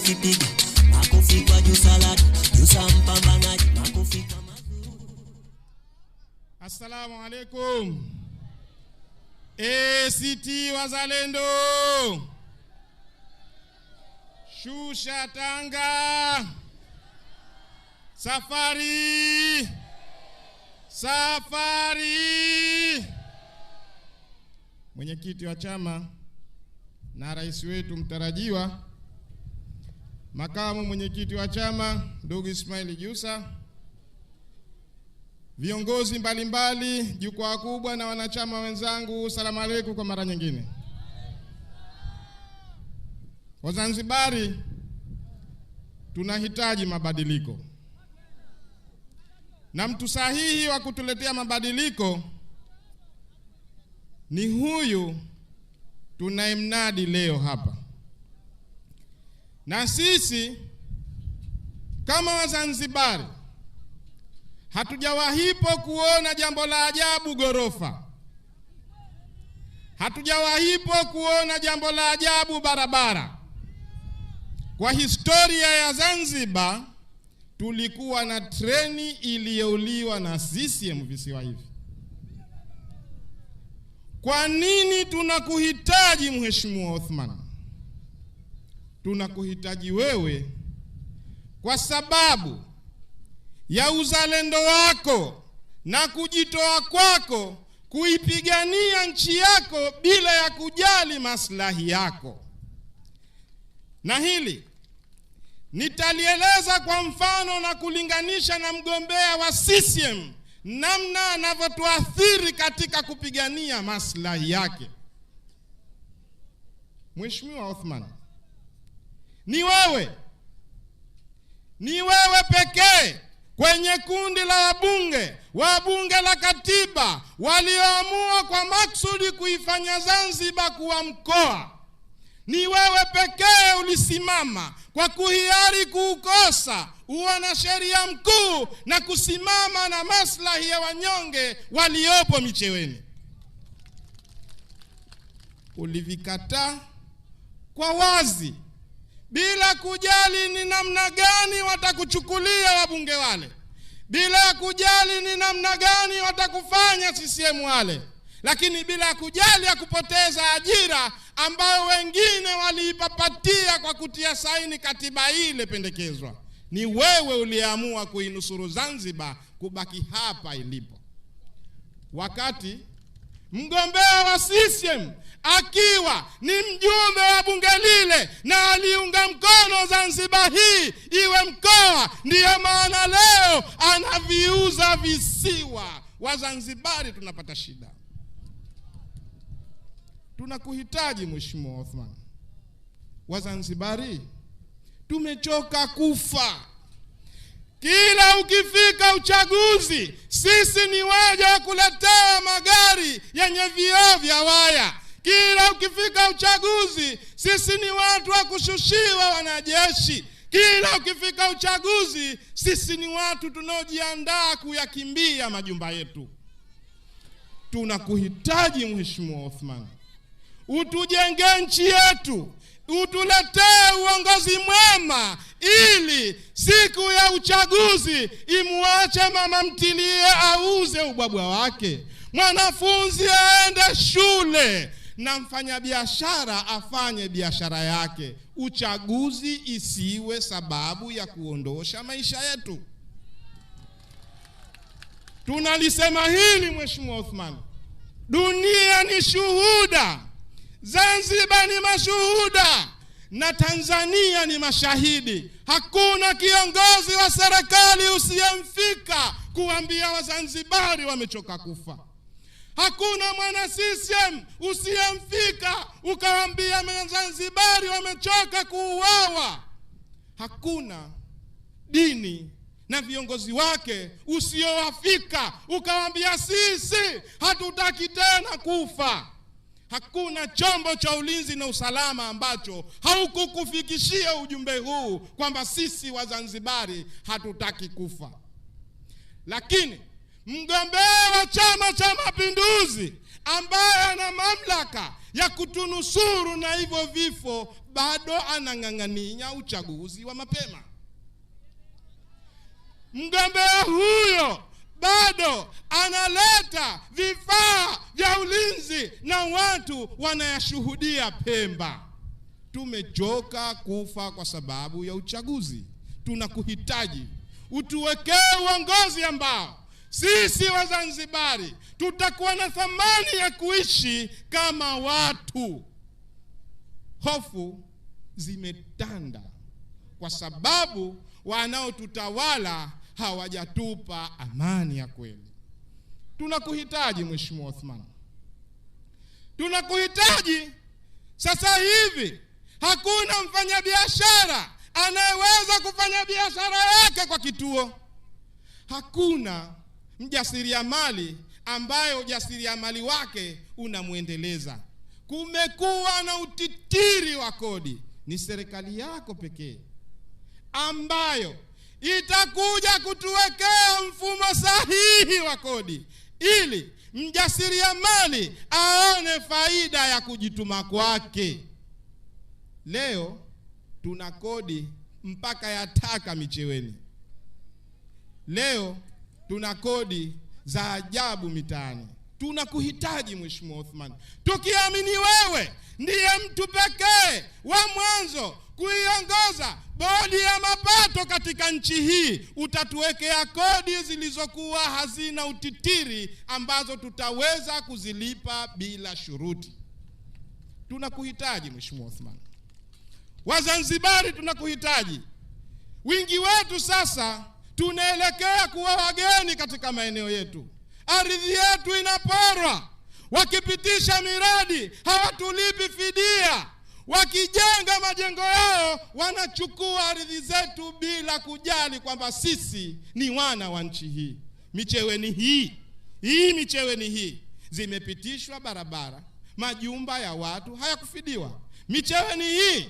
makofipiga Assalamu alaikum. ACT Wazalendo, shusha tanga, safari safari. Mwenyekiti wa chama na rais wetu mtarajiwa makamu mwenyekiti wa chama ndugu Ismail Jusa, viongozi mbalimbali, jukwaa kubwa na wanachama wenzangu, salamu aleikum kwa mara nyingine. Wazanzibari tunahitaji mabadiliko, na mtu sahihi wa kutuletea mabadiliko ni huyu tunayemnadi leo hapa na sisi kama Wazanzibari hatujawahipo kuona jambo la ajabu ghorofa, hatujawahipo kuona jambo la ajabu barabara. Kwa historia ya Zanzibar tulikuwa na treni iliyouliwa na CCM visiwa hivi. Kwa nini tunakuhitaji Mheshimiwa Othman? tunakuhitaji wewe kwa sababu ya uzalendo wako na kujitoa kwako kuipigania nchi yako bila ya kujali maslahi yako. Na hili nitalieleza kwa mfano na kulinganisha na mgombea wa CCM namna anavyotuathiri katika kupigania maslahi yake. Mheshimiwa Othman, ni wewe, ni wewe pekee kwenye kundi la wabunge wa bunge la katiba walioamua kwa maksudi kuifanya Zanzibar kuwa mkoa. Ni wewe pekee ulisimama kwa kuhiari kuukosa uwanasheria mkuu na kusimama na maslahi ya wanyonge waliopo Micheweni. Ulivikataa kwa wazi bila kujali ni namna gani watakuchukulia wabunge wale, bila kujali ni namna gani watakufanya CCM wale, lakini bila kujali ya kupoteza ajira ambayo wengine waliipapatia kwa kutia saini katiba ile ilipendekezwa. Ni wewe uliyeamua kuinusuru Zanzibar kubaki hapa ilipo, wakati mgombea wa CCM akiwa ni mjumbe wa bunge lile na aliunga mkono Zanzibar hii iwe mkoa. Ndiyo maana leo anaviuza visiwa. Wazanzibari tunapata shida, tunakuhitaji Mheshimiwa Othman. Wazanzibari tumechoka kufa kila ukifika uchaguzi, sisi ni waja wa kuletea magari yenye vioo vya waya. Kila ukifika uchaguzi, sisi ni watu wa kushushiwa wanajeshi. Kila ukifika uchaguzi, sisi ni watu tunaojiandaa kuyakimbia majumba yetu. Tunakuhitaji Mheshimiwa Othman, utujenge nchi yetu, utuletee uongozi mwema, ili siku ya uchaguzi imwache mama mtilie auze ubwabwa wake, mwanafunzi aende shule na mfanyabiashara afanye biashara yake. Uchaguzi isiwe sababu ya kuondosha maisha yetu. Tunalisema hili Mheshimiwa Othman, dunia ni shuhuda, Zanzibar ni mashuhuda na Tanzania ni mashahidi. Hakuna kiongozi wa serikali usiyemfika kuambia Wazanzibari wamechoka kufa. Hakuna mwana CCM usiyemfika ukawambia Wazanzibari wamechoka kuuawa. Hakuna dini na viongozi wake usiowafika ukawambia sisi hatutaki tena kufa. Hakuna chombo cha ulinzi na usalama ambacho haukukufikishia ujumbe huu kwamba sisi Wazanzibari hatutaki kufa, lakini mgombea wa Chama cha Mapinduzi ambaye ana mamlaka ya kutunusuru na hivyo vifo, bado anang'ang'ania uchaguzi wa mapema. Mgombea huyo bado analeta vifaa vya ulinzi na watu wanayashuhudia Pemba. Tumechoka kufa kwa sababu ya uchaguzi, tunakuhitaji utuwekee uongozi ambao sisi Wazanzibari tutakuwa na thamani ya kuishi kama watu. Hofu zimetanda kwa sababu wanaotutawala hawajatupa amani ya kweli. Tunakuhitaji Mheshimiwa Othman, tunakuhitaji sasa hivi. Hakuna mfanyabiashara anayeweza kufanya biashara yake kwa kituo. Hakuna mjasiriamali ambaye ujasiriamali wake unamwendeleza. Kumekuwa na utitiri wa kodi, ni serikali yako pekee ambayo itakuja kutuwekea mfumo sahihi wa kodi ili mjasiriamali aone faida ya kujituma kwake. Leo tuna kodi mpaka ya taka Micheweni. Leo tuna kodi za ajabu mitaani. Tunakuhitaji Mheshimiwa Othman, tukiamini wewe ndiye mtu pekee wa mwanzo kuiongoza bodi ya mapato katika nchi hii, utatuwekea kodi zilizokuwa hazina utitiri ambazo tutaweza kuzilipa bila shuruti. Tunakuhitaji Mheshimiwa Othman. Wazanzibari tunakuhitaji, wingi wetu sasa tunaelekea kuwa wageni katika maeneo yetu, ardhi yetu inaporwa. Wakipitisha miradi hawatulipi fidia, wakijenga majengo yao wanachukua ardhi zetu bila kujali kwamba sisi ni wana wa nchi hii. Micheweni hii hii Micheweni hii zimepitishwa barabara, majumba ya watu hayakufidiwa. Micheweni hii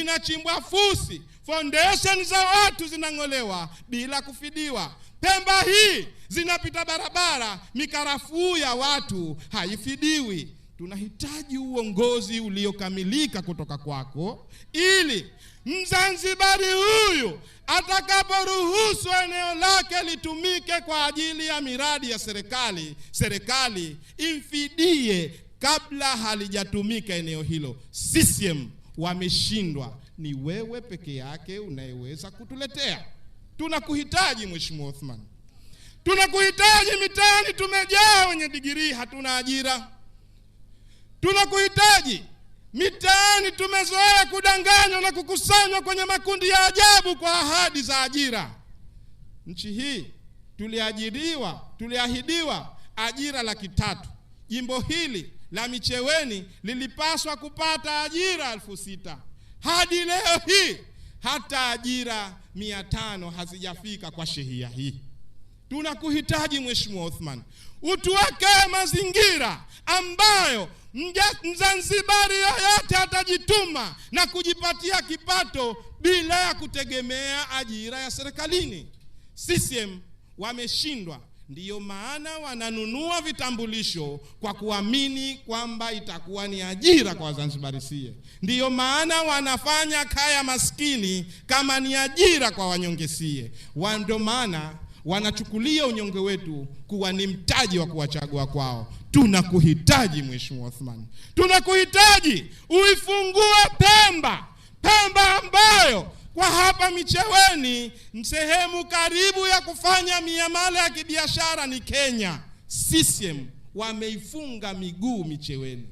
inachimbwa fusi, foundation za watu zinang'olewa bila kufidiwa. Pemba hii zinapita barabara, mikarafuu ya watu haifidiwi. Tunahitaji uongozi uliokamilika kutoka kwako ili Mzanzibari huyu atakaporuhusu eneo lake litumike kwa ajili ya miradi ya serikali, serikali imfidie kabla halijatumika eneo hilo. CCM wameshindwa. Ni wewe peke yake unayeweza kutuletea. Tunakuhitaji Mheshimiwa Othman, tunakuhitaji mitaani. Tumejaa wenye digirii, hatuna ajira. Tunakuhitaji mitaani, tumezoea kudanganywa na kukusanywa kwenye makundi ya ajabu kwa ahadi za ajira. Nchi hii tuliajiriwa, tuliahidiwa ajira laki tatu. Jimbo hili la Micheweni lilipaswa kupata ajira elfu sita hadi leo hii hata ajira mia tano hazijafika kwa shehia hii. Tunakuhitaji Mheshimiwa Othman, utuwekee mazingira ambayo Mzanzibari yoyote atajituma na kujipatia kipato bila ya kutegemea ajira ya serikalini. CCM wameshindwa Ndiyo maana wananunua vitambulisho kwa kuamini kwamba itakuwa ni ajira kwa sie Ndiyo maana wanafanya kaya maskini kama ni ajira kwa wanyonge sie Ndio maana wanachukulia unyonge wetu kuwa ni mtaji wa kuwachagua kwao. Tunakuhitaji Mheshimiwa Othman, tunakuhitaji uifungue Pemba, Pemba ambayo kwa hapa Micheweni, sehemu karibu ya kufanya miamala ya kibiashara ni Kenya. CCM wameifunga miguu Micheweni,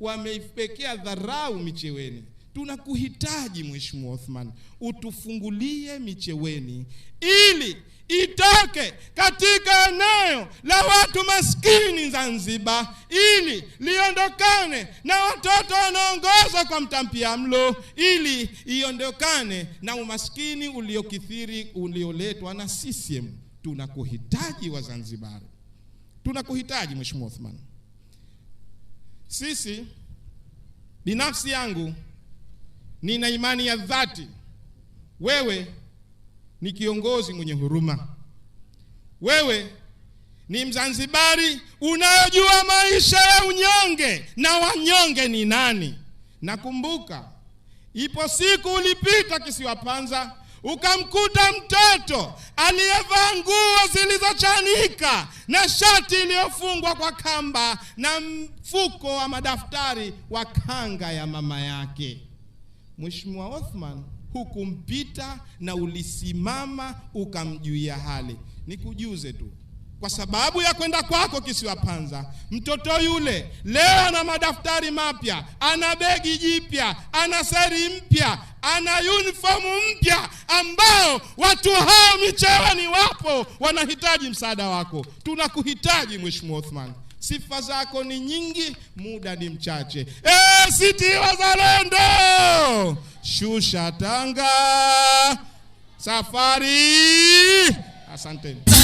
wameipekea dharau Micheweni. Tunakuhitaji Mheshimiwa Othman, utufungulie micheweni ili itoke katika eneo la watu maskini Zanzibar, ili liondokane na watoto wanaongozwa kwa mtampia mlo ili iondokane na umaskini uliokithiri ulioletwa na CCM. Tunakuhitaji Wazanzibari, tunakuhitaji Mheshimiwa Othman. Sisi binafsi yangu Nina imani ya dhati wewe ni kiongozi mwenye huruma, wewe ni Mzanzibari unayojua maisha ya unyonge na wanyonge ni nani. Nakumbuka ipo siku ulipita kisiwa Panza ukamkuta mtoto aliyevaa nguo zilizochanika na shati iliyofungwa kwa kamba na mfuko wa madaftari wa kanga ya mama yake. Mheshimiwa Othman hukumpita na ulisimama ukamjuia hali. Nikujuze tu kwa sababu ya kwenda kwako kisiwa Panza, mtoto yule leo ana madaftari mapya, ana begi jipya, ana sari mpya, ana uniform mpya, ambao watu hao Micheweni wapo wanahitaji msaada wako. Tunakuhitaji Mheshimiwa Othman, sifa zako ni nyingi, muda ni mchache e ACT Wazalendo, shusha tanga, safari. Asanteni.